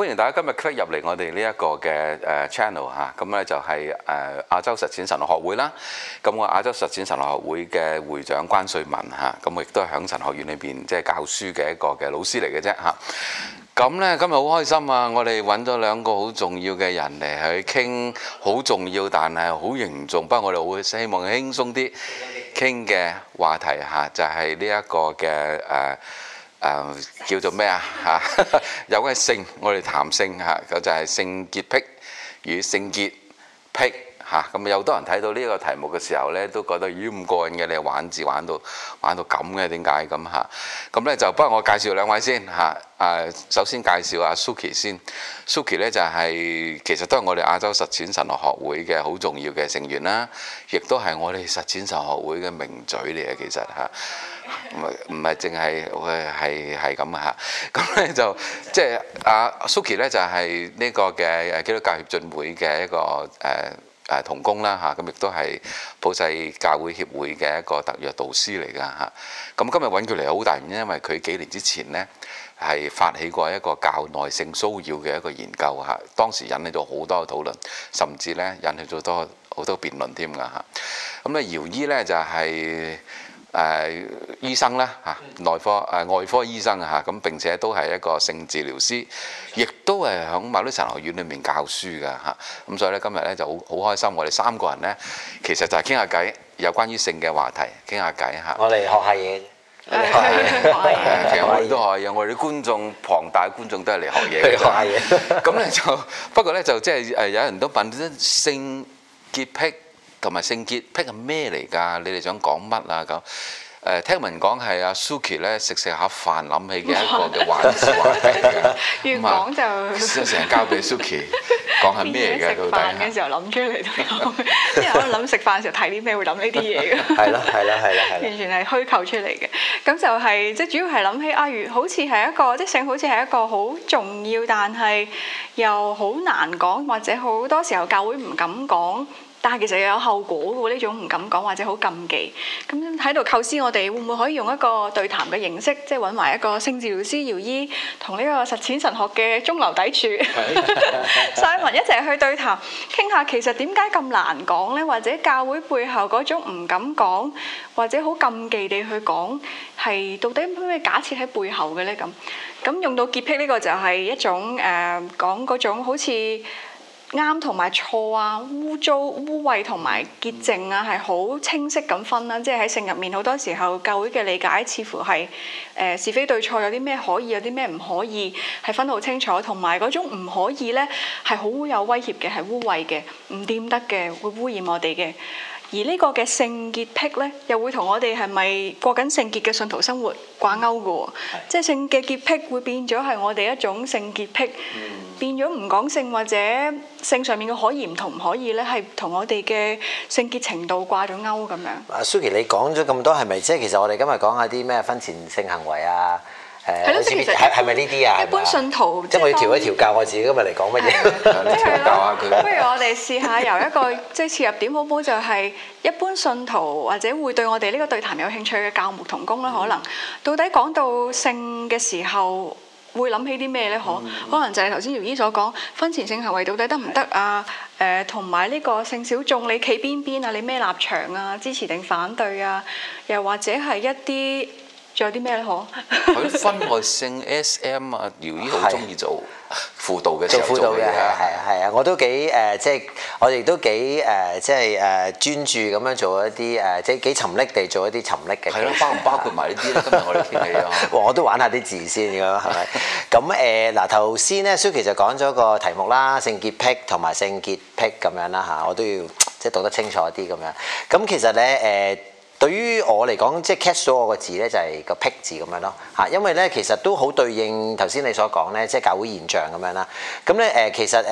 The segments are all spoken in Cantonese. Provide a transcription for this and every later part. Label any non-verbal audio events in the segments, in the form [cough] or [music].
歡迎大家今日 click 入嚟我哋呢一個嘅誒 channel 嚇、啊，咁、嗯、咧就係、是、誒、呃、亞洲實踐神學會亞洲實踐神學學會啦。咁、嗯、我亞洲實踐神學學會嘅會長關瑞文嚇，咁我亦都係響神學院裏邊即係教書嘅一個嘅老師嚟嘅啫嚇。咁、啊、咧、嗯、今日好開心啊！我哋揾咗兩個好重要嘅人嚟去傾，好重要但係好凝重。不過我哋會希望輕鬆啲傾嘅話題嚇、啊，就係呢一個嘅誒。呃呃、叫做咩 [laughs] 啊？有個性，我哋談性嚇，就係性潔癖與聖潔癖。與聖潔癖。吓，咁有好多人睇到呢個題目嘅時候咧，都覺得咦，咁過癮嘅，你玩字玩到玩到咁嘅，點解咁嚇？咁咧就不如我介紹兩位先嚇。誒，首先介紹阿 Sukyi 先。Sukyi 咧就係、是、其實都係我哋亞洲實踐神學學會嘅好重要嘅成員啦，亦都係我哋實踐神學會嘅名嘴嚟嘅，其實嚇。唔唔係淨係誒係係咁嚇。咁咧就即係阿 Sukyi 咧就係、是、呢個嘅基督教協進會嘅一個誒。誒同工啦嚇，咁亦都係普世教會協會嘅一個特約導師嚟㗎嚇。咁今日揾佢嚟好大原因，因為佢幾年之前呢，係發起過一個教內性騷擾嘅一個研究嚇，當時引起咗好多討論，甚至呢引起咗多好多辯論添㗎嚇。咁啊，姚醫呢，就係、是。誒、呃、醫生啦嚇，內科誒、呃、外科醫生嚇，咁、啊、並且都係一個性治療師，亦都係響某啲神學院裏面教書噶嚇，咁、啊啊、所以咧今日咧就好好開心，我哋三個人咧其實就係傾下偈，有關於性嘅話題傾、啊、下偈嚇。我哋學下嘢。 [laughs] 其實我哋都學嘢啊，我哋啲觀眾龐大嘅觀眾都係嚟學嘢嘅。 [laughs] 學嘢。咁咧就不過咧就即係誒有人都品咗性潔癖。同埋聖潔癖係咩嚟㗎？你哋想講乜啊？咁、呃、誒，聽聞講係阿 Suki 咧食食下飯，諗起嘅一個嘅玩笑。咁啊，真係成日交俾 Suki 講係咩㗎？老弟飯嘅時候諗出嚟就講，即係我諗食飯嘅時候睇啲咩會諗呢啲嘢㗎。係啦，係啦，係啦，係。完全係虛構出嚟嘅。咁就係、是、即係主要係諗起阿如、啊、好似係一個即係聖，好似係一個好重要，但係又好難講，或者好多時候教會唔敢講。但係其實又有後果喎，呢種唔敢講或者好禁忌，咁喺度構思我哋會唔會可以用一個對談嘅形式，即係揾埋一個性治療師、姚醫同呢個實踐神學嘅中流砥柱，Simon [laughs] [laughs] 一齊去對談，傾下其實點解咁難講呢？或者教會背後嗰種唔敢講或者好禁忌地去講，係到底有咩假設喺背後嘅呢？咁咁用到潔癖呢個就係一種誒、呃、講嗰種好似。啱同埋錯啊，污糟、污穢同埋潔淨啊，係好清晰咁分啦。即係喺性入面，好多時候教會嘅理解似乎係誒、呃、是非對錯有啲咩可以，有啲咩唔可以，係分得好清楚。同埋嗰種唔可以呢，係好有威脅嘅，係污穢嘅，唔掂得嘅，會污染我哋嘅。而呢個嘅性潔癖呢，又會同我哋係咪過緊性潔嘅信徒生活掛鈎嘅喎？是的 即係性嘅潔癖會變咗係我哋一種性潔癖，嗯、變咗唔講性或者性上面嘅可以唔同唔可以呢，係同我哋嘅性潔程度掛咗鈎咁樣。阿、啊、Suki，你講咗咁多，係咪即係其實我哋今日講下啲咩婚前性行為啊？誒，呢啲係係咪呢啲啊？一般信徒，即係我要調一調教我自己今日嚟講乜嘢，的 [laughs] 調教下佢。不如我哋試下由一個即係切入點，好。唔可就係一般信徒或者會對我哋呢個對談有興趣嘅教牧同工啦。嗯、可能到底講到性嘅時候，會諗起啲咩咧？可、嗯、可能就係頭先姚醫所講，婚前性行為到底得唔得啊？誒的，同埋呢個性小眾，你企邊邊啊？你咩立場啊？支持定反對啊？又或者係一啲？仲有啲咩可？佢分外性 S.M. 啊，姚醫好中意做輔導嘅時候做嘅嘢，係啊係啊，我都幾誒、呃，即係我哋都幾誒，uh, 即係誒、uh, 專注咁樣做一啲誒，uh, 即係幾沉溺地做一啲沉溺嘅。係咯，包唔包括埋呢啲，今日我哋傾偈我都玩下啲字先咁，係咪？咁誒嗱，頭先咧，Suki 就講咗個題目啦，性潔癖同埋聖潔癖咁樣啦吓，我都要即係讀得清楚啲咁樣。咁、啊啊、其實咧誒。啊對於我嚟講，即係 catch 咗我個字咧，就係個癖字咁樣咯嚇，因為咧其實都好對應頭先你所講咧，即係教會現象咁樣啦。咁咧誒，其實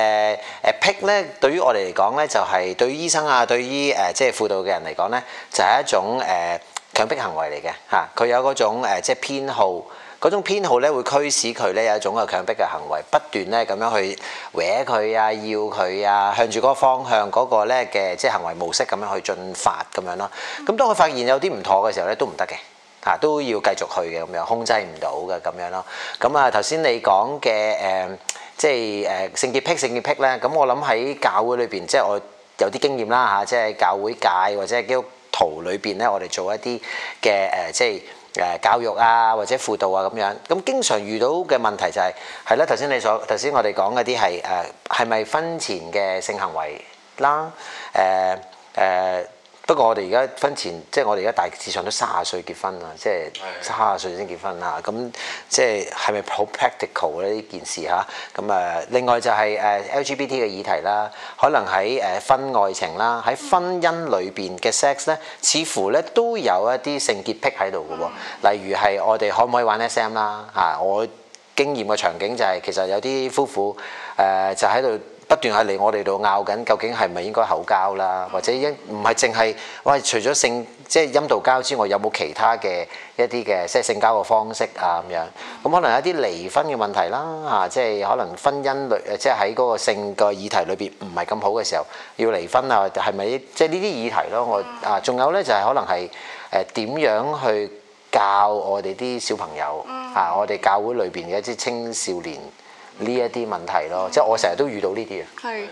癖咧、呃，對於我嚟講咧，就係對於醫生啊，對於誒、呃、即係輔導嘅人嚟講咧，就係一種誒、呃、強迫行為嚟嘅嚇，佢有嗰種、呃、即係偏好。嗰種偏好咧，會驅使佢咧有一種嘅強迫嘅行為，不斷咧咁樣去搲佢啊、要佢啊，向住嗰個方向嗰個咧嘅即係行為模式咁樣去進發咁樣咯。咁當佢發現有啲唔妥嘅時候咧，都唔得嘅，嚇都要繼續去嘅咁樣，控制唔到嘅咁樣咯。咁啊，頭先你講嘅誒，即係誒聖潔癖、聖潔癖咧。咁我諗喺教會裏邊，即係我有啲經驗啦吓，即係教會界或者基督徒裏邊咧，我哋做一啲嘅誒，即係。誒教育啊，或者輔導啊咁樣，咁經常遇到嘅問題就係、係，係啦，頭先你所頭先我哋講嗰啲係誒，係咪婚前嘅性行為啦？誒、呃、誒。呃不過我哋而家婚前，即係我哋而家大致上都三十歲結婚啦，即係三十歲先結婚啦。咁即係係咪好 practical 咧呢件事嚇？咁啊，另外就係誒 LGBT 嘅議題啦。可能喺誒婚外情啦，喺婚姻裏邊嘅 sex 咧，似乎咧都有一啲性潔癖喺度嘅喎。例如係我哋可唔可以玩 SM 啦？嚇，我經驗嘅場景就係其實有啲夫婦誒就喺度。不斷係嚟我哋度拗緊，究竟係咪應該口交啦，或者一唔係淨係喂除咗性即係陰道交之外，有冇其他嘅一啲嘅即係性交嘅方式啊咁樣？咁、嗯嗯、可能有啲離婚嘅問題啦吓、啊，即係可能婚姻裏即係喺嗰個性嘅議題裏邊唔係咁好嘅時候要離婚啊，係咪即係呢啲議題咯？我啊，仲有咧就係、是、可能係誒點樣去教我哋啲小朋友嚇、啊，我哋教會裏邊嘅一啲青少年。啊嗯呢一啲問題咯，嗯、即係我成日都遇到是是呢啲啊。係、就是，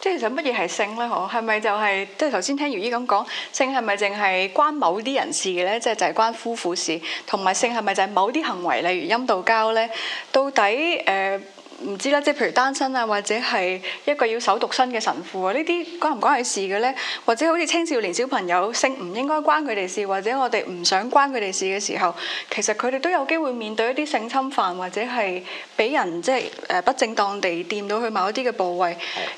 即係其實乜嘢係性咧？嗬，係咪就係即係頭先聽姚醫咁講，性係咪淨係關某啲人士嘅咧？即係就係、是、關夫婦事，同埋性係咪就係某啲行為，例如陰道交咧？到底誒？呃唔知啦，即係譬如單身啊，或者係一個要守獨身嘅神父啊，關關呢啲關唔關佢事嘅咧？或者好似青少年小朋友性唔應該關佢哋事，或者我哋唔想關佢哋事嘅時候，其實佢哋都有機會面對一啲性侵犯，或者係俾人即係誒不正當地掂到佢某一啲嘅部位。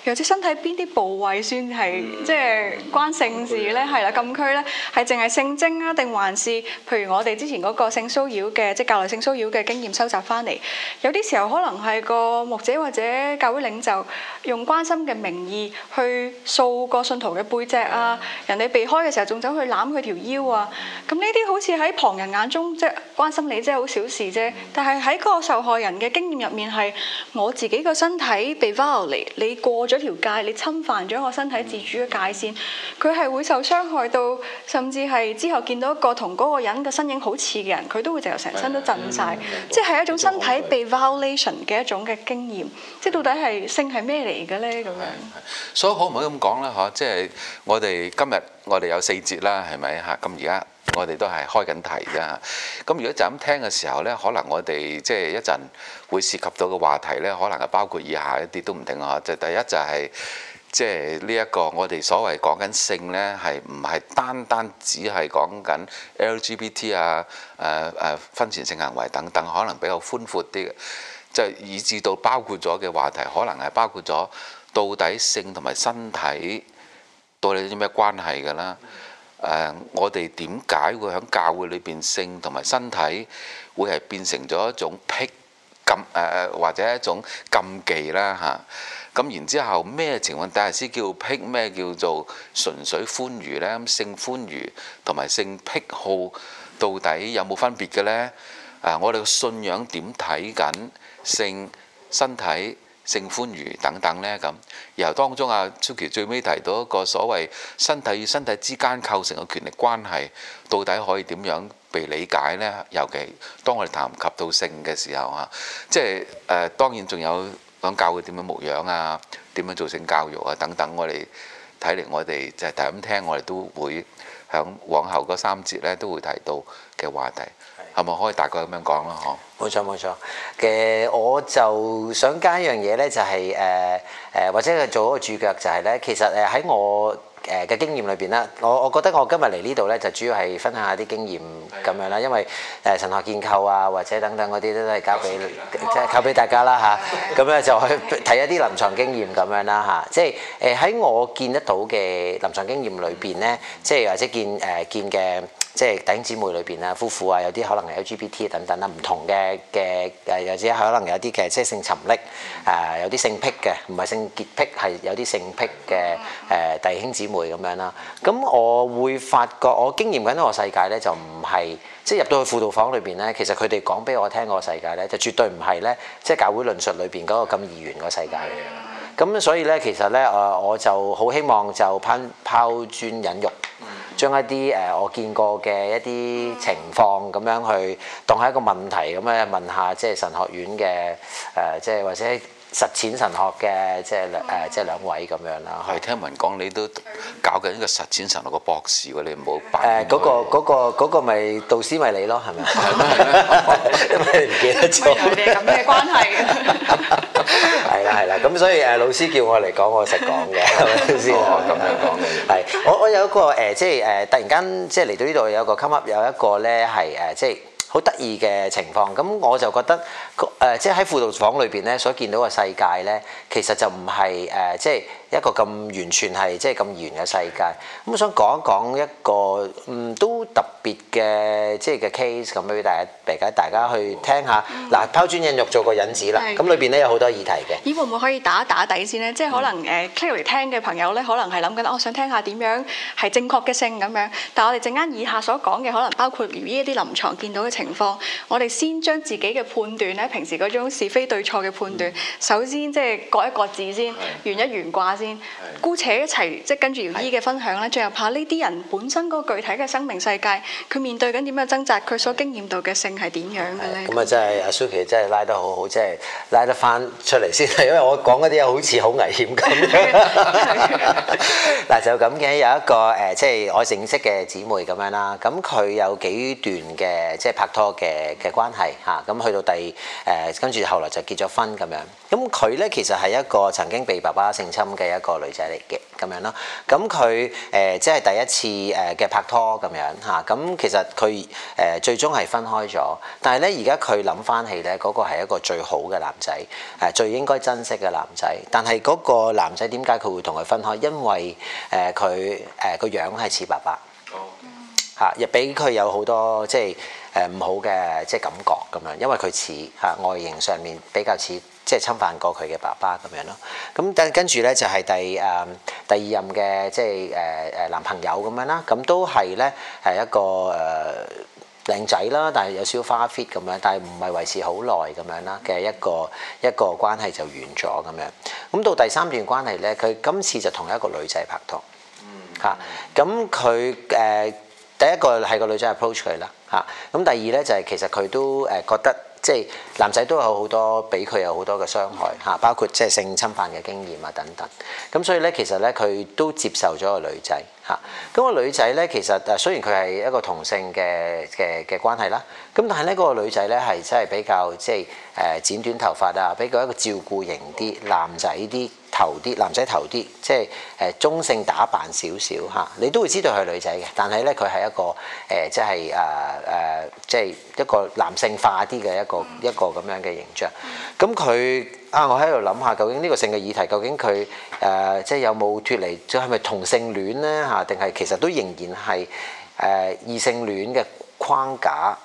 又的或者身體邊啲部位算係、嗯、即係關性事咧？係啦、嗯，禁區咧，係淨係性徵啊，定還是譬如我哋之前嗰個性騷擾嘅，即係教內性騷擾嘅經驗收集翻嚟，有啲時候可能係個。或者或者教會領袖用關心嘅名義去掃個信徒嘅背脊啊，人哋避開嘅時候仲走去攬佢條腰啊，咁呢啲好似喺旁人眼中即係關心你，即係好小事啫。但係喺個受害人嘅經驗入面係我自己個身體被 violated，你過咗條界，你侵犯咗我身體自主嘅界線，佢係會受傷害到，甚至係之後見到一個同嗰個人嘅身影好似嘅人，佢都會就由成身都震晒，嗯、即係一種身體被 violation 嘅一種嘅。經驗，即係到底係性係咩嚟嘅咧？咁樣，所以可唔可以咁講啦？嚇、so, 嗯，即係、就是、我哋今日我哋有四節啦，係咪嚇？咁而家我哋都係開緊題啫。咁如果就咁聽嘅時候咧，可能我哋即係一陣會涉及到嘅話題咧，可能係包括以下一啲都唔定嚇。即係第一就係即係呢一個我哋所謂講緊性咧，係唔係單單只係講緊 LGBT 啊？誒、啊、誒、啊，婚前性行為等等，可能比較寬闊啲。就以致到包括咗嘅話題，可能係包括咗到底性同埋身體到底有啲咩關係㗎啦？誒、呃，我哋點解會喺教會裏邊性同埋身體會係變成咗一種癖禁誒、呃、或者一種禁忌啦嚇？咁、啊、然之後咩情況底下先叫癖，咩叫做純粹歡愉咧？性歡愉同埋性癖好到底有冇分別嘅咧？誒、呃，我哋嘅信仰點睇緊？性、身體、性歡愉等等呢咁，由當中啊 Sukyi 最尾提到一個所謂身體與身體之間構成嘅權力關係，到底可以點樣被理解呢？尤其當我哋談及到性嘅時候、呃、樣樣啊，即係誒當然仲有講教會點樣牧養啊，點樣做性教育啊等等，我，我哋睇嚟我哋就係咁聽，我哋都會響往後嗰三節咧都會提到嘅話題。係咪可以大概咁樣講咯？嗬，冇錯冇錯嘅，我就想加一樣嘢咧，就係誒誒，或者佢做一個注腳，就係、是、咧，其實誒喺我誒嘅經驗裏邊啦，我我覺得我今日嚟呢度咧，就主要係分享一下啲經驗咁樣啦，的因為誒神學建構啊，或者等等嗰啲咧都係交俾即係交俾大家啦吓，咁咧 [laughs] 就去睇一啲臨床經驗咁樣啦吓、啊，即係誒喺我見得到嘅臨床經驗裏邊咧，即係、嗯、或者見誒、呃、見嘅。見即係弟兄姊妹裏邊啊，夫婦啊，有啲可能係 LGBT 等等啦，唔同嘅嘅誒，有啲可能有啲嘅即係性沉溺啊，有啲性癖嘅，唔係性潔癖，係有啲性癖嘅誒、呃、弟兄姊妹咁樣啦。咁我會發覺我經驗緊呢個世界咧，就唔係即係入到去輔導房裏邊咧，其實佢哋講俾我聽個世界咧，就絕對唔係咧，即係教會論述裏邊嗰個咁二元個世界嘅。咁所以咧，其實咧誒，我就好希望就攀、拋磚引玉。將一啲誒我見過嘅一啲情況，咁樣去當係一個問題，咁樣問下即係神學院嘅誒，即係或者實踐神學嘅、呃，即係兩即係兩位咁樣啦。係聽聞講你都搞緊一個實踐神學嘅博士喎，你唔好擺嗰個嗰個嗰個咪導師咪你咯，係咪？ [laughs] 因為你唔記得咗。有啲咁嘅關係。 [laughs] 係啦，咁所以誒、呃、老師叫我嚟講，我實講嘅，係咪先？咁樣講嘅嘢。係，我我有一個誒、呃，即係誒、呃，突然間即係嚟到呢度有個 come up，有一個咧係誒，即係好得意嘅情況。咁我就覺得誒、呃，即係喺輔導房裏邊咧所見到嘅世界咧，其實就唔係誒，即係，一個咁完全係即係咁圓嘅世界，咁我想講一講一個嗯都特別嘅即係嘅 case，咁俾大家俾解大家去聽下。嗱，拋磚引玉做個引子啦。咁裏邊咧有好多議題嘅。咦，會唔會可以打一打底先咧？即係可能誒，聽嘅朋友咧，可能係諗緊，我想聽下點樣係正確嘅性咁樣。但係我哋陣間以下所講嘅，可能包括如呢一啲臨床見到嘅情況，我哋先將自己嘅判斷咧，平時嗰種是非對錯嘅判斷，首先即係割一割字先，懸一懸掛。先姑且一齊即係跟住姚醫嘅分享咧，的最後怕呢啲人本身嗰個具體嘅生命世界，佢面對緊點樣掙扎，佢所經驗到嘅性係點樣嘅咧？咁啊的，真係阿 Sukyi，真係拉得好好，即係的拉得翻出嚟先啦。因為我講嗰啲嘢好似好危險咁。嗱就咁嘅，有一個誒即係我認識嘅姊妹咁樣啦。咁佢有幾段嘅即係拍拖嘅嘅關係嚇。咁去到第二、誒、呃、跟住後來就結咗婚咁樣。咁佢咧其實係一個曾經被爸爸性侵嘅。一個女仔嚟嘅咁樣咯，咁佢誒即係第一次誒嘅拍拖咁樣吓，咁、啊、其實佢誒、呃、最終係分開咗，但係咧而家佢諗翻起咧，嗰、嗰個係一個最好嘅男仔，誒、啊、最應該珍惜嘅男仔，但係嗰個男仔點解佢會同佢分開？因為誒佢誒個樣係似爸爸，吓、啊，亦俾佢有多、呃、好多即係誒唔好嘅即係感覺咁樣，因為佢似吓外形上面比較似。即係侵犯過佢嘅爸爸咁樣咯，咁但跟住咧就係、是、第誒、呃、第二任嘅即係誒誒男朋友咁樣啦，咁都係咧係一個誒靚、呃、仔啦，但係有少少花 fit 咁樣，但係唔係維持好耐咁樣啦嘅一個一個關係就完咗咁樣。咁到第三段關係咧，佢今次就同一個女仔拍拖，嚇咁佢誒。Hmm. 啊第一個係個女仔 approach 佢啦嚇，咁第二咧就係其實佢都誒覺得即係男仔都有好多俾佢有好多嘅傷害嚇，包括即係性侵犯嘅經驗啊等等。咁所以咧其實咧佢都接受咗個女仔嚇。咁個女仔咧其實誒雖然佢係一個同性嘅嘅嘅關係啦，咁但係咧嗰個女仔咧係真係比較即係誒剪短頭髮啊，比較一個照顧型啲男仔啲，頭啲男仔頭啲，即係誒中性打扮少少嚇，你都會知道係女仔嘅。但係咧，佢係一個誒、呃，即係誒誒，即係一個男性化啲嘅一個一個咁樣嘅形象。咁佢啊，我喺度諗下，究竟呢個性嘅議題，究竟佢誒、呃、即係有冇脫離，即係係咪同性戀咧嚇？定係其實都仍然係誒、呃、異性戀嘅框架？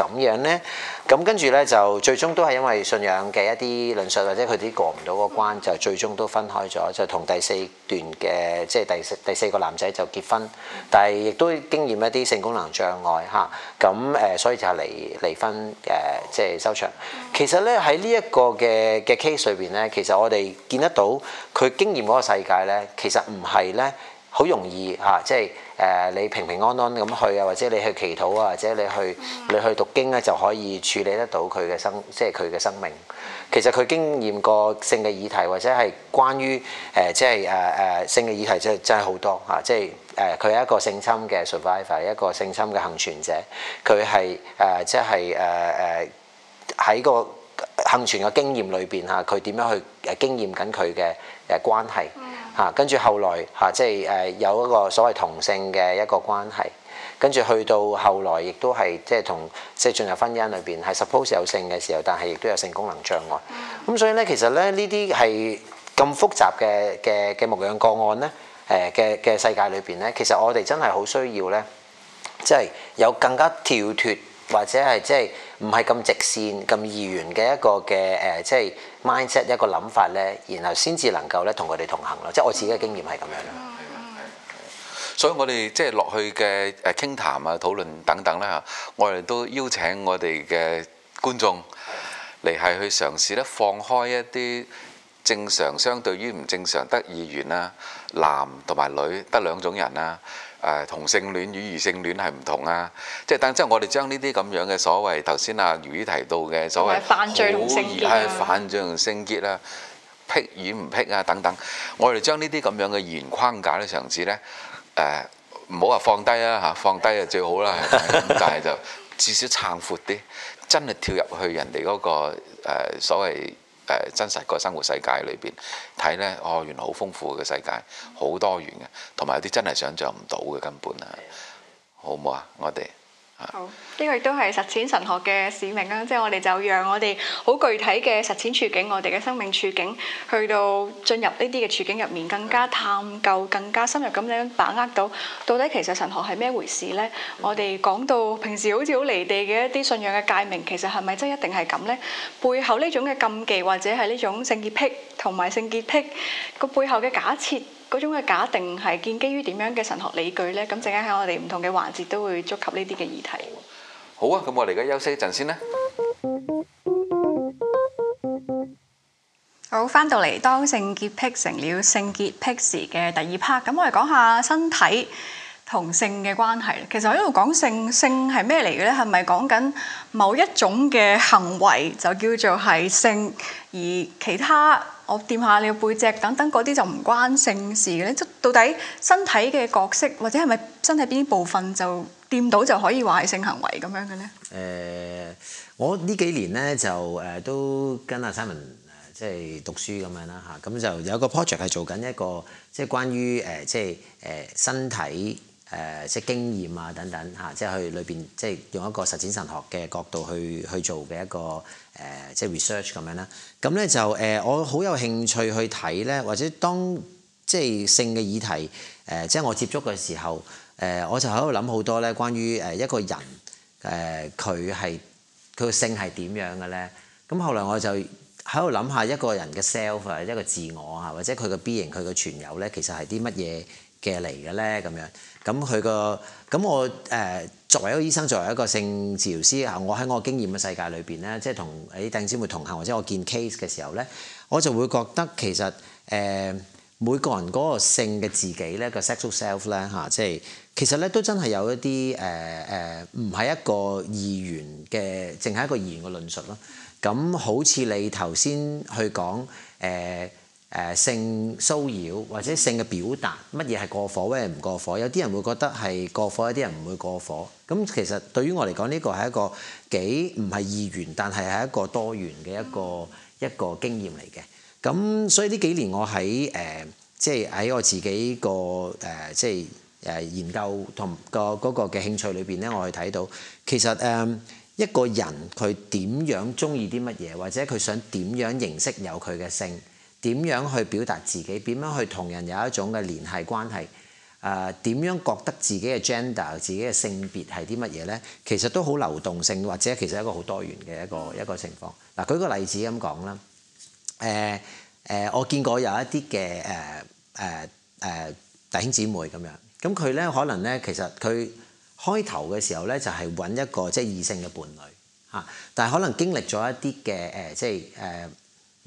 咁樣咧，咁跟住咧就最終都係因為信仰嘅一啲論述，或者佢哋過唔到個關，就最終都分開咗，就同第四段嘅即係第四第四個男仔就結婚，但係亦都經驗一啲性功能障礙嚇，咁、啊、誒、啊、所以就離離婚誒即係收場。其實咧喺呢一個嘅嘅 case 裏面咧，其實我哋見得到佢經驗嗰個世界咧，其實唔係咧。好容易嚇，即係誒你平平安安咁去啊，或者你去祈禱啊，或者你去你去讀經咧，就可以處理得到佢嘅生，即係佢嘅生命。其實佢經驗過性嘅議題，或者係關於誒即係誒誒性嘅議題真，真真係好多嚇。即係誒，佢、啊、係一個性侵嘅 survivor，一個性侵嘅幸存者。佢係誒即係誒誒喺個幸存嘅經驗裏邊嚇，佢點樣去誒經驗緊佢嘅誒關係。啊，跟住後來嚇、啊，即係誒、呃、有一個所謂同性嘅一個關係，跟住去到後來亦都係即係同即係進入婚姻裏邊係 suppose 有性嘅時候，但係亦都有性功能障礙。咁、嗯、所以咧，其實咧呢啲係咁複雜嘅嘅嘅牧養個案咧，誒嘅嘅世界裏邊咧，其實我哋真係好需要咧，即、就、係、是、有更加跳脫或者係即係。唔係咁直線、咁二元嘅一個嘅誒，即係 mindset 一個諗法咧，然後先至能夠咧同佢哋同行咯。即係我自己嘅經驗係咁樣啦。所以，我哋即係落去嘅誒傾談啊、討論等等啦，我哋都邀請我哋嘅觀眾嚟係去嘗試咧，放開一啲正常相對於唔正常得二元啊，男同埋女得兩種人啊。誒同、呃、性戀與異性戀係唔同啊！即係等即係我哋將呢啲咁樣嘅所謂頭先阿姚提到嘅所謂犯罪同性結犯、啊、罪同性結啊，癖與唔癖啊等等，我哋將呢啲咁樣嘅原框架嘅嘗試咧誒，唔好話放低啊，嚇，放低就最好啦， [laughs] 但係就至少撐闊啲，真係跳入去人哋嗰、嗰個、呃、所謂。誒真實個生活世界裏邊睇呢，哦，原來好豐富嘅世界，好多元嘅，同埋有啲真係想像唔到嘅根本啊，好唔好啊？我哋。好，呢個亦都係實踐神學嘅使命啦。即係我哋就讓我哋好具體嘅實踐處境，我哋嘅生命處境，去到進入呢啲嘅處境入面，更加探究，更加深入咁樣把握到，到底其實神學係咩回事呢？的我哋講到平時好似好離地嘅一啲信仰嘅界名，其實係咪真一定係咁呢？背後呢種嘅禁忌，或者係呢種聖潔癖同埋性潔癖個背後嘅假設。嗰種嘅假定係建基於點樣嘅神學理據咧？咁陣間喺我哋唔同嘅環節都會觸及呢啲嘅議題。好啊，咁我哋而家休息一陣先啦。好，翻到嚟當性潔癖成了聖潔癖時嘅第二 part，咁我哋講下身體同性嘅關係。其實我喺度講性，性係咩嚟嘅咧？係咪講緊某一種嘅行為就叫做係性，而其他？我掂下你個背脊，等等嗰啲就唔關性事嘅咧。即到底身體嘅角色，或者係咪身體邊啲部分就掂到就可以話係性行為咁樣嘅咧？誒、呃，我呢幾年咧就誒、呃、都跟阿 Simon、呃、即係讀書咁樣啦嚇，咁、啊、就有個 project 係做緊一個,一個即係關於誒、呃、即係誒、呃、身體。誒、呃、即係經驗啊等等嚇、啊，即係去裏邊即係用一個實踐神學嘅角度去去做嘅一個誒、呃、即係 research 咁、嗯、樣啦。咁咧就誒、呃、我好有興趣去睇咧，或者當即係性嘅議題誒、呃，即係我接觸嘅時候誒、呃，我就喺度諗好多咧關於誒一個人誒佢係佢嘅性係點樣嘅咧。咁後來我就喺度諗下一個人嘅 self 啊，一個自我啊，或者佢嘅 B 型佢嘅全由咧，其實係啲乜嘢？嘅嚟嘅咧，咁樣咁佢個咁我誒、呃、作為一個醫生，作為一個性治療師啊，我喺我經驗嘅世界裏邊咧，即係同誒啲弟兄姊妹同行，或者我見 case 嘅時候咧，我就會覺得其實誒、呃、每個人嗰個性嘅自己咧，個 sexual self 咧嚇，即係其實咧都真係有一啲誒誒唔係一個意願嘅，淨係一個意願嘅論述咯。咁好似你頭先去講誒、呃誒性騷擾或者性嘅表達，乜嘢係過火，咩唔過火？有啲人會覺得係過火，有啲人唔會過火。咁其實對於我嚟講，呢、這個係一個幾唔係二元，但係係一個多元嘅一個一個經驗嚟嘅。咁所以呢幾年我喺誒即係喺我自己個誒即係誒研究同、那個嗰、那個嘅興趣裏邊咧，我係睇到其實誒、呃、一個人佢點樣中意啲乜嘢，或者佢想點樣認識有佢嘅性。點樣去表達自己？點樣去同人有一種嘅聯繫關係？誒、呃、點樣覺得自己嘅 gender、自己嘅性別係啲乜嘢咧？其實都好流動性，或者其實一個好多元嘅一個一個情況。嗱、啊，舉個例子咁講啦。誒、呃、誒、呃，我見過有一啲嘅誒誒誒弟兄姊妹咁樣，咁佢咧可能咧其實佢開頭嘅時候咧就係揾一個即係、就是、異性嘅伴侶嚇、啊，但係可能經歷咗一啲嘅誒即係誒。呃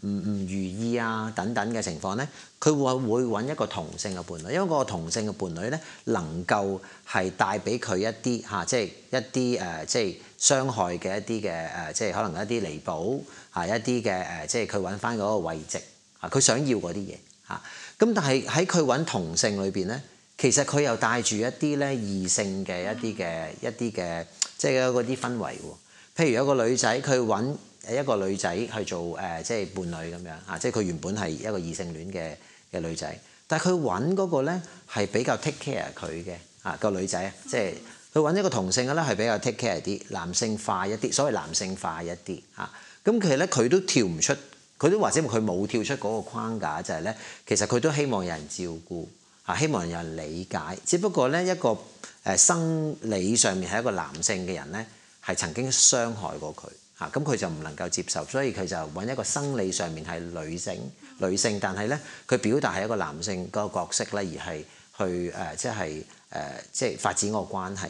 唔唔如意啊等等嘅情況咧，佢會會揾一個同性嘅伴侶，因為個同性嘅伴侶咧能夠係帶俾佢一啲嚇、啊，即係一啲誒、啊，即係傷害嘅一啲嘅誒，即係可能一啲彌補嚇，一啲嘅誒，即係佢揾翻嗰個慰藉嚇，佢、啊、想要嗰啲嘢嚇。咁、啊、但係喺佢揾同性裏邊咧，其實佢又帶住一啲咧異性嘅一啲嘅一啲嘅，即係嗰啲氛圍喎、啊。譬如有一個女仔佢揾。誒一個女仔去做誒，即係伴侶咁樣啊，即係佢原本係一個異性戀嘅嘅女仔，但係佢揾嗰個咧係比較 take care 佢嘅啊個女仔啊，即係佢揾一個同性嘅咧係比較 take care 啲，男性化一啲，所謂男性化一啲啊。咁其實咧，佢都跳唔出，佢都或者佢冇跳出嗰個框架就係咧，其實佢都希望有人照顧啊，希望有人理解。只不過咧，一個誒生理上面係一個男性嘅人咧，係曾經傷害過佢。嚇咁佢就唔能夠接受，所以佢就揾一個生理上面係女性，女性，但係咧佢表達係一個男性個角色咧，而係去誒、呃、即係誒、呃、即係發展個關係。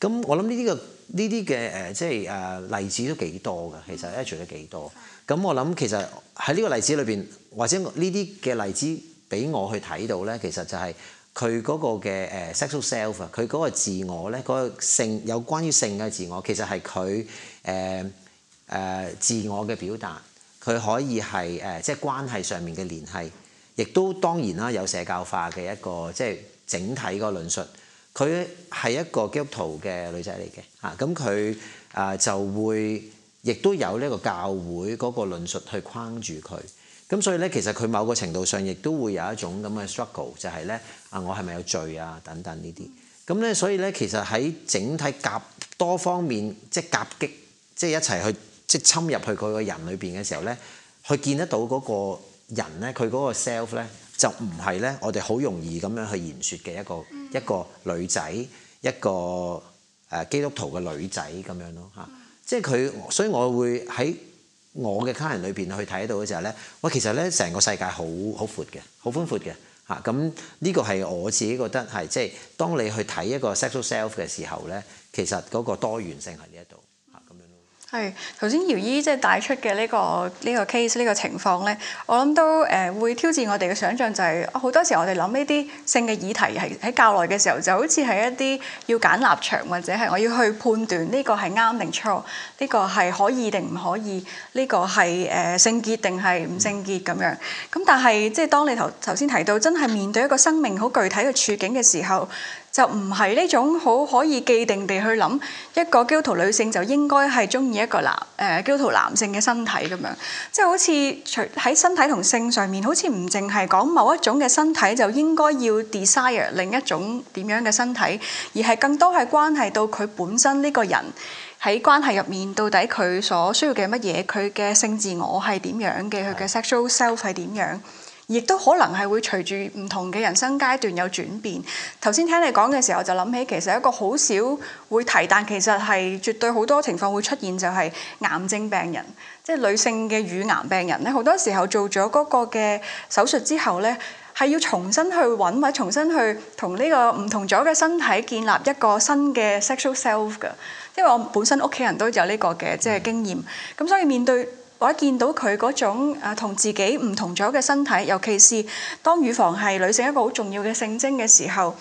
咁、嗯、我諗呢啲嘅呢啲嘅誒即係誒例子都幾多嘅，其實一做咗幾多。咁我諗其實喺呢個例子裏邊，或者呢啲嘅例子俾我去睇到咧，其實就係佢嗰個嘅誒 sexual self，佢嗰個自我咧，嗰個性有關於性嘅自我，其實係佢誒。呃誒自我嘅表達，佢可以係誒即係關係上面嘅聯繫，亦都當然啦有社交化嘅一個即係整體個論述。佢係一個基督徒嘅女仔嚟嘅，嚇咁佢啊、呃、就會亦都有呢個教會嗰個論述去框住佢。咁所以咧，其實佢某個程度上亦都會有一種咁嘅 struggle，就係咧啊我係咪有罪啊等等呢啲。咁、啊、咧所以咧，其實喺整體夾多方面即係夾擊，即、就、係、係、一齊去。即係侵入去佢個人裏邊嘅時候咧，佢見得到個人咧，佢個 self 咧就唔係咧，我哋好容易咁樣去言說嘅一個、mm hmm. 一個女仔，一個誒基督徒嘅女仔咁樣咯吓，即係佢，所以我會喺我嘅客人裏邊去睇到嘅時候咧，我其實咧成個世界好好闊嘅，好寬闊嘅吓，咁呢個係我自己覺得係即係當你去睇一個 sexual self 嘅時候咧，其實個多元性喺呢一度。係，頭先姚醫即係帶出嘅呢個呢個 case 呢個情況呢，我諗都誒會挑戰我哋嘅想像、就是，就係好多時我哋諗呢啲性嘅議題係喺教內嘅時候，就好似係一啲要揀立場或者係我要去判斷呢、這個係啱定錯，呢、這個係可以定唔可以，呢、這個係誒聖潔定係唔聖潔咁樣。咁但係即係當你頭頭先提到真係面對一個生命好具體嘅處境嘅時候。就唔係呢種好可以既定地去諗一個基督徒女性就應該係鍾意一個男誒、呃、基督徒男性嘅身體咁樣，即係好似除喺身體同性上面，好似唔淨係講某一種嘅身體就應該要 desire 另一種點樣嘅身體，而係更多係關係到佢本身呢個人喺關係入面，到底佢所需要嘅乜嘢，佢嘅性自我係點樣嘅，佢嘅 sexual self 係點樣。亦都可能係會隨住唔同嘅人生階段有轉變。頭先聽你講嘅時候，我就諗起，其實一個好少會提，但其實係絕對好多情況會出現，就係癌症病人，即係女性嘅乳癌病人咧。好多時候做咗嗰個嘅手術之後咧，係要重新去揾或者重新去同呢個唔同咗嘅身體建立一個新嘅 sexual self 㗎。因為我本身屋企人都有呢個嘅即係經驗，咁所以面對。我一見到佢嗰種、啊、同自己唔同咗嘅身體，尤其是當乳房係女性一個好重要嘅性徵嘅時候，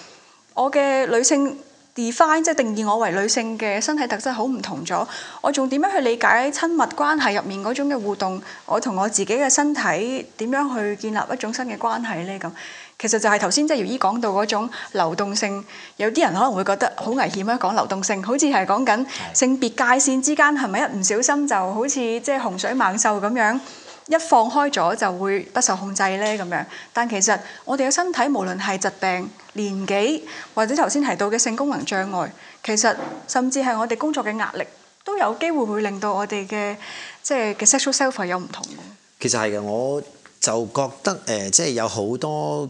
我嘅女性 define 即係定義我為女性嘅身體特質好唔同咗。我仲點樣去理解親密關係入面嗰種嘅互動？我同我自己嘅身體點樣去建立一種新嘅關係呢？咁？其實就係頭先即係姚醫講到嗰種流動性，有啲人可能會覺得好危險啊！講流動性，好似係講緊性別界線之間，係咪一唔小心就好似即係洪水猛獸咁樣，一放開咗就會不受控制呢咁樣？但其實我哋嘅身體，無論係疾病、年紀，或者頭先提到嘅性功能障礙，其實甚至係我哋工作嘅壓力，都有機會會令到我哋嘅即係嘅 sexual self 係有唔同。其實係嘅，我就覺得誒、呃，即係有好多。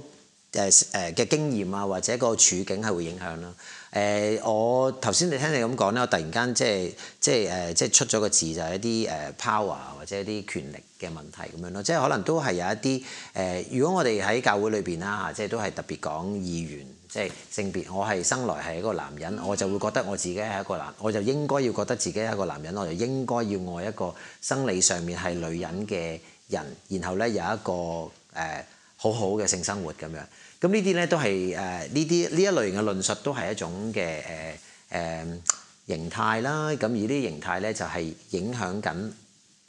誒誒嘅經驗啊，或者個處境係會影響咯。誒、呃，我頭先你聽你咁講咧，我突然間即係即係誒，即、就、係、是呃、出咗個字就係一啲誒 power 或者一啲權力嘅問題咁樣咯。即係可能都係有一啲誒、呃，如果我哋喺教會裏邊啦嚇，即係都係特別講議員，即係性別。我係生來係一個男人，我就會覺得我自己係一個男，我就應該要覺得自己係一個男人，我就應該要愛一個生理上面係女人嘅人，然後咧有一個誒、呃、好好嘅性生活咁樣。咁呢啲咧都係誒呢啲呢一類型嘅論述都係一種嘅誒誒形態啦。咁而呢啲形態咧就係影響緊，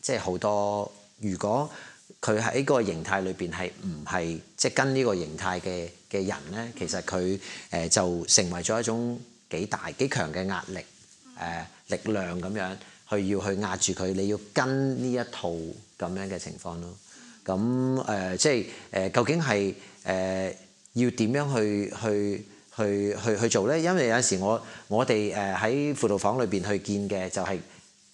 即係好多。如果佢喺個形態裏邊係唔係即係跟呢個形態嘅嘅人咧，其實佢誒就成為咗一種幾大幾強嘅壓力誒、呃、力量咁樣去要去壓住佢，你要跟呢一套咁樣嘅情況咯。咁誒、呃、即係誒、呃、究竟係誒？呃要點樣去去去去去做呢？因為有陣時我我哋誒喺輔導房裏邊去見嘅，就係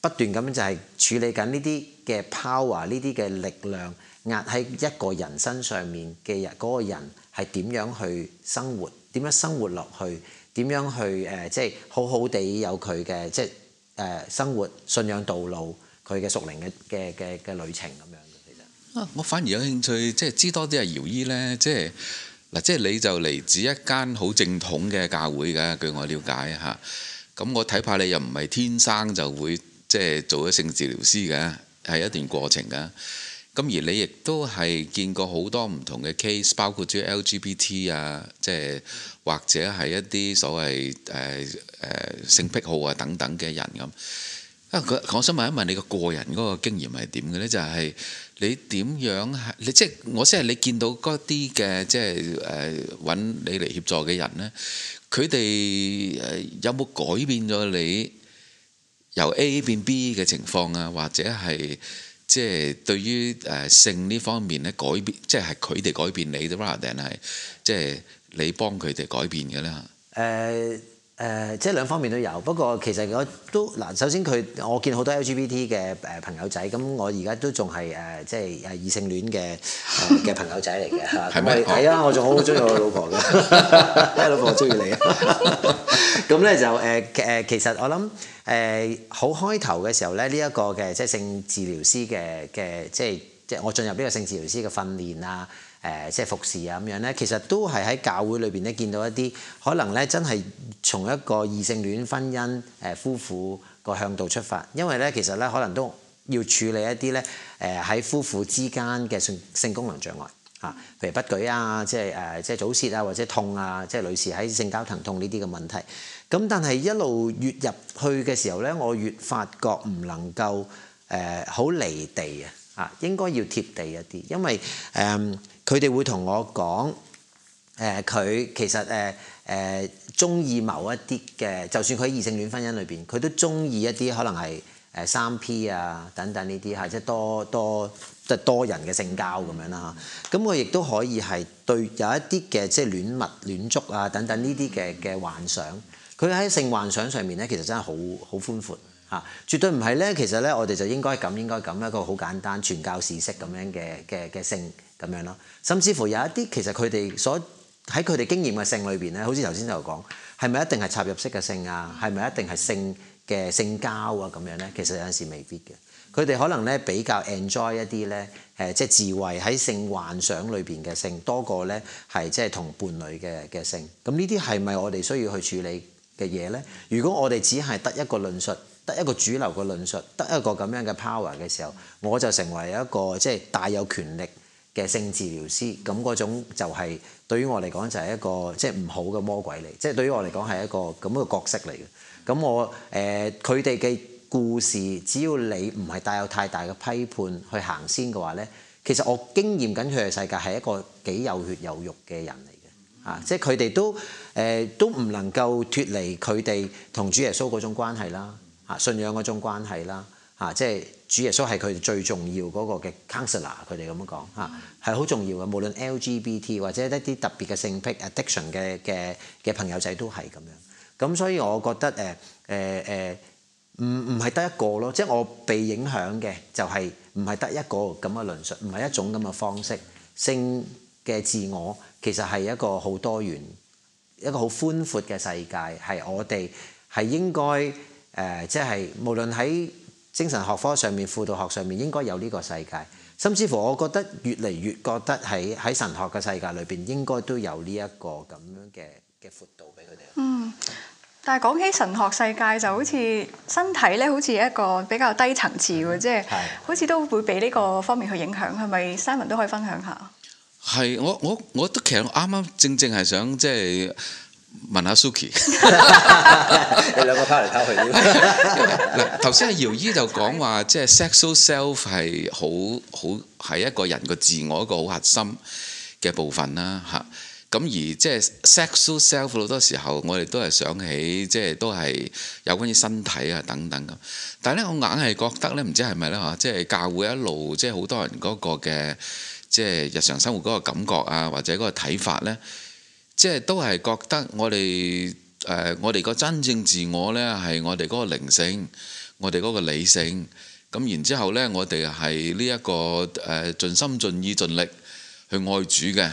不斷咁就係處理緊呢啲嘅 power 呢啲嘅力量壓喺一個人身上面嘅人，嗰個人係點樣去生活？點樣生活落去？點樣去誒？即係好好地有佢嘅即係生活信仰道路佢嘅屬靈嘅嘅嘅嘅旅程咁樣。其實啊，我反而有興趣即係知多啲阿姚醫呢，即係。嗱，即係你就嚟自一間好正統嘅教會嘅，據我了解吓。咁我睇怕你又唔係天生就會即係、就是、做咗性治療師嘅，係一段過程嘅。咁而你亦都係見過好多唔同嘅 case，包括住 LGBT 啊，即係或者係一啲所謂誒誒性癖好啊等等嘅人咁。啊！佢，我想問一問你個個人嗰個經驗係點嘅咧？就係你點樣係？你即係我即係你見到嗰啲嘅即係誒揾你嚟協助嘅人咧，佢哋有冇改變咗你由 A 變 B 嘅情況啊？或者係即係對於誒性呢方面咧改變，即係佢哋改變你，定係即係你幫佢哋改變嘅咧嚇？誒。誒、呃、即係兩方面都有，不過其實我都嗱，首先佢我見好多 LGBT 嘅誒朋友仔，咁我而家都仲係誒即係誒異性戀嘅嘅、呃、 [laughs] 朋友仔嚟嘅，係啊 [laughs] 嗎、哎，我仲好好中意我老婆嘅， [laughs] 老婆中意你啊，咁 [laughs] 咧、嗯、就誒誒、呃、其實我諗誒好開頭嘅時候咧，呢、這、一個嘅即係性治療師嘅嘅即係即係我進入呢個性治療師嘅訓練啊。誒、呃、即係服侍啊咁樣咧，其實都係喺教會裏邊咧見到一啲可能咧真係從一個異性戀婚姻誒夫婦個向度出發，因為咧其實咧可能都要處理一啲咧誒喺夫婦之間嘅性性功能障礙啊，譬如不舉啊，即係誒、呃、即係早泄啊，或者痛啊，即係女士喺性交疼痛呢啲嘅問題。咁但係一路越入去嘅時候咧，我越發覺唔能夠誒好離地啊。啊，應該要貼地一啲，因為誒佢哋會同我講，誒、呃、佢其實誒誒中意某一啲嘅，就算佢喺異性戀婚姻裏邊，佢都中意一啲可能係誒三 P 啊等等呢啲，或者多多即係多人嘅性交咁樣啦嚇。咁我亦都可以係對有一啲嘅即係戀物戀足啊等等呢啲嘅嘅幻想，佢喺性幻想上面咧，其實真係好好寬闊。啊！絕對唔係咧。其實咧，我哋就應該咁，應該咁一個好簡單傳教士式咁樣嘅嘅嘅性咁樣咯。甚至乎有一啲其實佢哋所喺佢哋經驗嘅性裏邊咧，好似頭先就講，係咪一定係插入式嘅性啊？係咪一定係性嘅性交啊？咁樣咧，其實有陣時未必嘅。佢哋可能咧比較 enjoy 一啲咧誒，即係自慰喺性幻想裏邊嘅性多過咧係即係同伴侶嘅嘅性。咁呢啲係咪我哋需要去處理嘅嘢咧？如果我哋只係得一個論述。得一個主流嘅論述，得一個咁樣嘅 power 嘅時候，我就成為一個即係帶有權力嘅性治療師，咁嗰種就係對於我嚟講就係一個即係唔好嘅魔鬼嚟，即係對於我嚟講係一個咁嘅角色嚟嘅。咁我誒佢哋嘅故事，只要你唔係帶有太大嘅批判去行先嘅話咧，其實我經驗緊佢嘅世界係一個幾有血有肉嘅人嚟嘅，啊！即係佢哋都誒都唔能夠脫離佢哋同主耶穌嗰種關係啦。信仰嗰種關係啦，嚇，即係主耶穌係佢最重要嗰個嘅 counselor，佢哋咁樣講嚇，係好、嗯、重要嘅。無論 LGBT 或者一啲特別嘅性癖 addiction 嘅嘅嘅朋友仔都係咁樣。咁所以我覺得誒誒誒，唔唔係得一個咯，即係我被影響嘅就係唔係得一個咁嘅論述，唔係一種咁嘅方式。性嘅自我其實係一個好多元、一個好寬闊嘅世界，係我哋係應該。誒，即係無論喺精神學科上面、輔導學上面，應該有呢個世界。甚至乎，我覺得越嚟越覺得喺喺神學嘅世界裏邊，應該都有呢一個咁樣嘅嘅闊度俾佢哋。嗯，但係講起神學世界，就好似身體咧，好似一個比較低層次嘅，即係好似都會俾呢個方面去影響。係咪 Simon 都可以分享下？係我我我都其實我啱啱正正係想即係。就是問下 Suki，你兩個拋嚟拋去添。嗱，頭先姚醫就講話，即係 [laughs] sexual self 係好好係一個人個自我一個好核心嘅部分啦，嚇。咁而即係 sexual self 好多時候，我哋都係想起，即係都係有關於身體啊等等咁。但係咧，我硬係覺得咧，唔知係咪咧嚇，即係教會一路，即係好多人嗰個嘅，即係日常生活嗰個感覺啊，或者嗰個睇法咧。即係都係覺得我哋誒、呃、我哋個真正自我咧係我哋嗰個靈性，我哋嗰個理性。咁然之後咧，我哋係呢一個誒、呃、盡心盡意盡力去愛主嘅。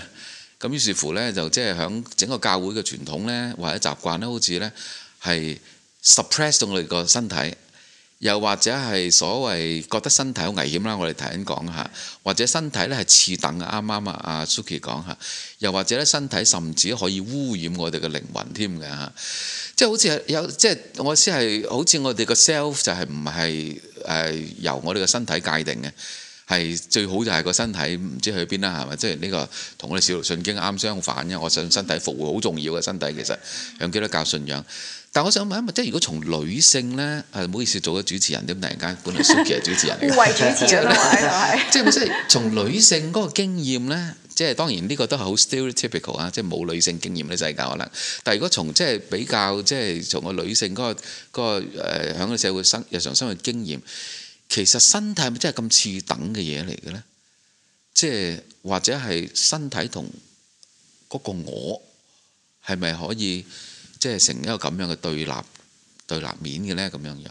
咁於是乎咧，就即係響整個教會嘅傳統咧，或者習慣咧，好似咧係 suppress 咗我哋個身體。又或者係所謂覺得身體好危險啦，我哋提緊講下，或者身體咧係次等，啱啱啊啊 Sukyi 講下，又或者咧身體甚至可以污染我哋嘅靈魂添嘅嚇，即係好似有即係我意思係好似我哋個 self 就係唔係誒由我哋嘅身體界定嘅，係最好就係個身體唔知去邊啦，係咪？即係呢、這個同我哋《使徒信經》啱相反嘅，我想身體復活好重要嘅，身體其實，向基督教信仰。但係我想問啊，咪即係如果從女性咧，誒唔好意思，做咗主持人，你突然間本來屬於係主持人嚟嘅，為主持人嚟嘅，又係，即係即係從女性嗰個經驗咧，即係當然呢個都係好 stereotypical 啊，即係冇女性經驗嘅世界可能。但係如果從即係比較即係從個女性嗰個嗰個誒喺個社會生日常生活經驗，其實身體係咪真係咁次等嘅嘢嚟嘅咧？即係或者係身體同嗰個我係咪可以？即係成一個咁樣嘅對立對立面嘅咧，咁樣樣。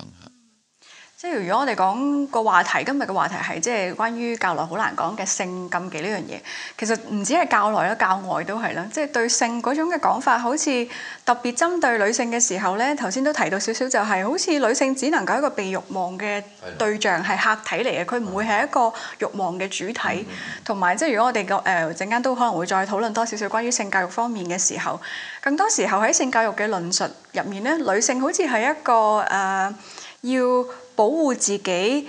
即如果我哋講個話題，今日嘅話題係即係關於教內好難講嘅性禁忌呢樣嘢。其實唔止係教內啦，教外都係啦。即係對性嗰種嘅講法，好似特別針對女性嘅時候呢，頭先都提到少少，就係好似女性只能夠一個被欲望嘅對象，係客體嚟嘅，佢唔會係一個欲望嘅主體。同埋即係如果我哋個誒陣間都可能會再討論多少少關於性教育方面嘅時候，更多時候喺性教育嘅論述入面呢，女性好似係一個誒要，保護自己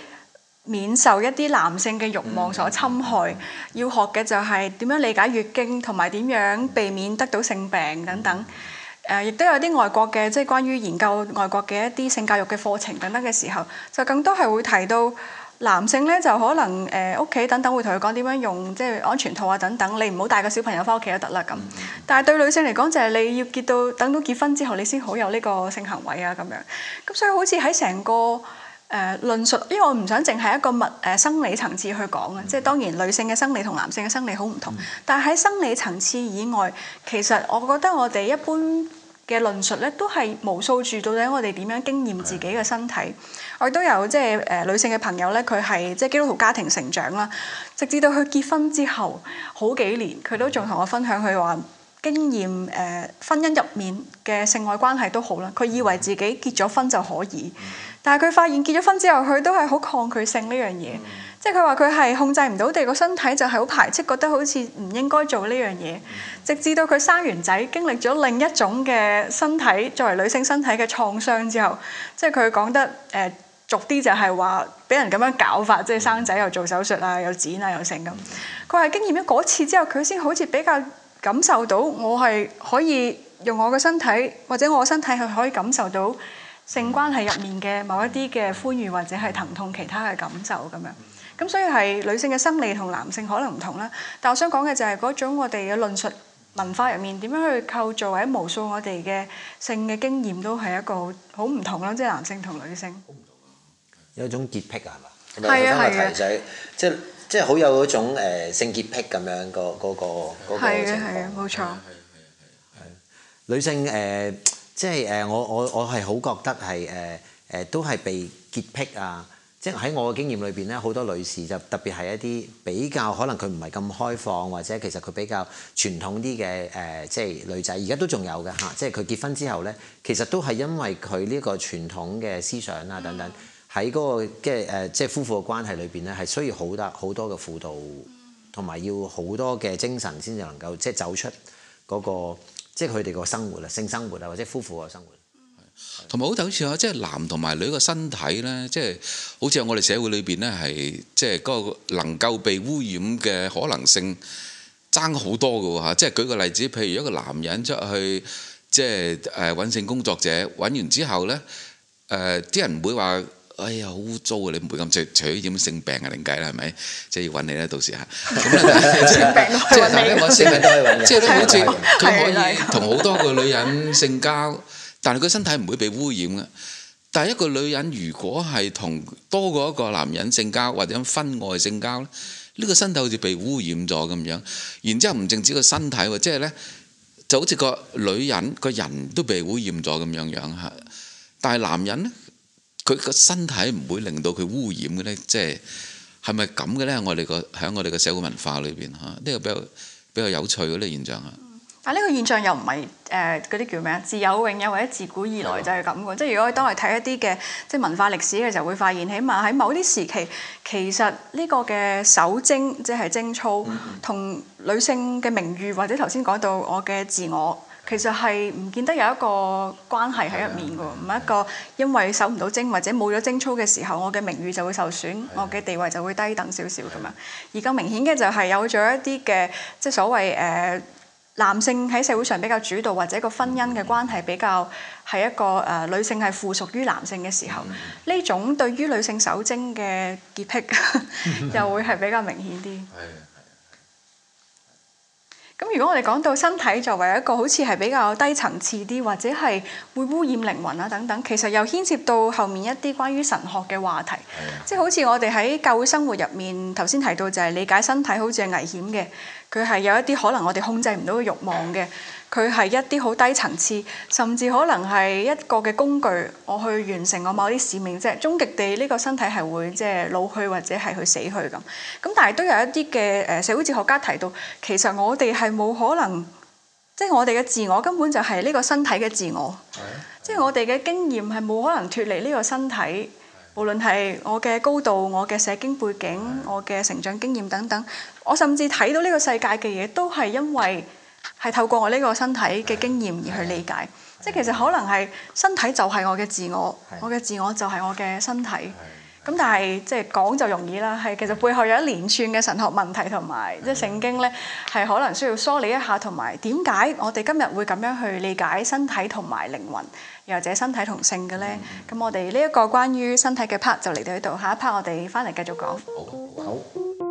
免受一啲男性嘅慾望所侵害，嗯、要學嘅就係點樣理解月經，同埋點樣避免得到性病等等。誒、呃，亦都有啲外國嘅即係關於研究外國嘅一啲性教育嘅課程等等嘅時候，就更多係會提到男性咧就可能誒屋企等等會同佢講點樣用即係安全套啊等等，你唔好帶個小朋友翻屋企就得啦咁。但係對女性嚟講就係、是、你要結到等到結婚之後你先好有呢個性行為啊咁樣。咁所以好似喺成個誒論述，因為我唔想淨係一個物誒生理層次去講啊，即係、嗯、當然女性嘅生理同男性嘅生理好唔同，嗯、但係喺生理層次以外，其實我覺得我哋一般嘅論述咧，都係無數住到底我哋點樣經驗自己嘅身體。嗯、我亦都有即係誒女性嘅朋友咧，佢係即係基督徒家庭成長啦，直至到佢結婚之後好幾年，佢都仲同我分享佢話經驗誒、呃、婚姻入面嘅性愛關係都好啦。佢以為自己結咗婚就可以。嗯但係佢發現結咗婚之後，佢都係好抗拒性呢樣嘢，即係佢話佢係控制唔到地個身體，就係好排斥，覺得好似唔應該做呢樣嘢。直至到佢生完仔，經歷咗另一種嘅身體作為女性身體嘅創傷之後，即係佢講得誒俗啲，呃、就係話俾人咁樣搞法，即係生仔又做手術啊，又剪啊，又剩咁。佢係經驗咗嗰次之後，佢先好似比較感受到我係可以用我嘅身體，或者我身體係可以感受到。性關係入面嘅某一啲嘅歡愉或者係疼痛、其他嘅感受咁樣，咁所以係女性嘅生理同男性可能唔同啦。但我想講嘅就係嗰種我哋嘅論述文化入面點樣去構造的的，或者無數我哋嘅性嘅經驗都係一個好唔同啦，即係男性同女性。有一種潔癖啊，係咪？係啊係啊。即係即係好有嗰種性潔癖咁樣個嗰個嗰個情況。係啊係啊，冇錯。係啊係啊女性誒。呃即係誒，我我我係好覺得係誒誒，都係被潔癖啊！即係喺我嘅經驗裏邊咧，好多女士就特別係一啲比較可能佢唔係咁開放，或者其實佢比較傳統啲嘅誒，即係女仔，而家都仲有嘅嚇。即係佢結婚之後咧，其實都係因為佢呢個傳統嘅思想啊等等，喺嗰個即係誒，即係夫婦嘅關係裏邊咧，係需要好得好多嘅輔導，同埋要好多嘅精神先至能夠即係走出嗰個。即係佢哋個生活啊，性生活啊，或者夫婦個生活，同埋好就好似啊，即係男同埋女個身體咧，即係好似我哋社會裏邊咧，係即係嗰個能夠被污染嘅可能性爭好多㗎喎。即係舉個例子，譬如一個男人出去即係誒揾性工作者，揾完之後咧，誒、呃、啲人唔會話。哎呀，好污糟啊！你唔會咁除除染性病啊，另計啦，係咪？即係要揾你啦，到時嚇。性病即係頭先我性病都係揾你。好似佢可以同好多個女人性交，但係佢身體唔會被污染嘅。但係一個女人如果係同多過一個男人性交或者分外性交咧，呢、呢個身體好似被污染咗咁樣。然之後唔淨止個身體喎，即係咧就好似個女人個人都被污染咗咁樣樣嚇。但係男人咧。佢個身體唔會令到佢污染嘅咧，即係係咪咁嘅咧？我哋個喺我哋嘅社會文化裏邊嚇，呢、啊這個比較比較有趣嘅呢個現象嚇。但呢、嗯啊這個現象又唔係誒嗰啲叫咩啊？自有永有或者自古以來就係咁嘅，嗯、即係如果當我睇一啲嘅即係文化歷史嘅時候，會發現，起碼喺某啲時期，其實呢個嘅手精，即係貞操同女性嘅名譽，或者頭先講到我嘅自我。其實係唔見得有一個關係喺入面嘅喎，唔係的一個因為守唔到貞或者冇咗貞操嘅時候，我嘅名譽就會受損，的我嘅地位就會低等少少咁樣。而更明顯嘅就係有咗一啲嘅即係所謂誒、呃、男性喺社會上比較主導，或者個婚姻嘅關係比較係一個誒、呃、女性係附屬於男性嘅時候，呢的種對於女性守貞嘅潔癖的又會係比較明顯啲。咁如果我哋講到身體作為一個好似係比較低層次啲，或者係會污染靈魂啊等等，其實又牽涉到後面一啲關於神學嘅話題，嗯、即係好似我哋喺教會生活入面頭先提到，就係理解身體好似係危險嘅。佢係有一啲可能我哋控制唔到嘅慾望嘅，佢係一啲好低層次，甚至可能係一個嘅工具，我去完成我某啲使命，即係終極地，呢個身體係會即係老去或者係去死去咁。咁但係都有一啲嘅誒社會哲學家提到，其實我哋係冇可能，即係我哋嘅自我根本就係呢個身體嘅自我，即係我哋嘅經驗係冇可能脱離呢個身體。無論係我嘅高度、我嘅社經背景、我嘅成長經驗等等，我甚至睇到呢個世界嘅嘢，都係因為係透過我呢個身體嘅經驗而去理解。即係其實可能係身體就係我嘅自我，我嘅自我就係我嘅身體。咁但係即係講就容易啦，係其實背後有一連串嘅神學問題同埋即係聖經呢，係可能需要梳理一下，同埋點解我哋今日會咁樣去理解身體同埋靈魂？.又或者身體同性嘅咧，咁、嗯、我哋呢一個關於身體嘅 part 就嚟到呢度，下一 part 我哋翻嚟繼續講。好。好。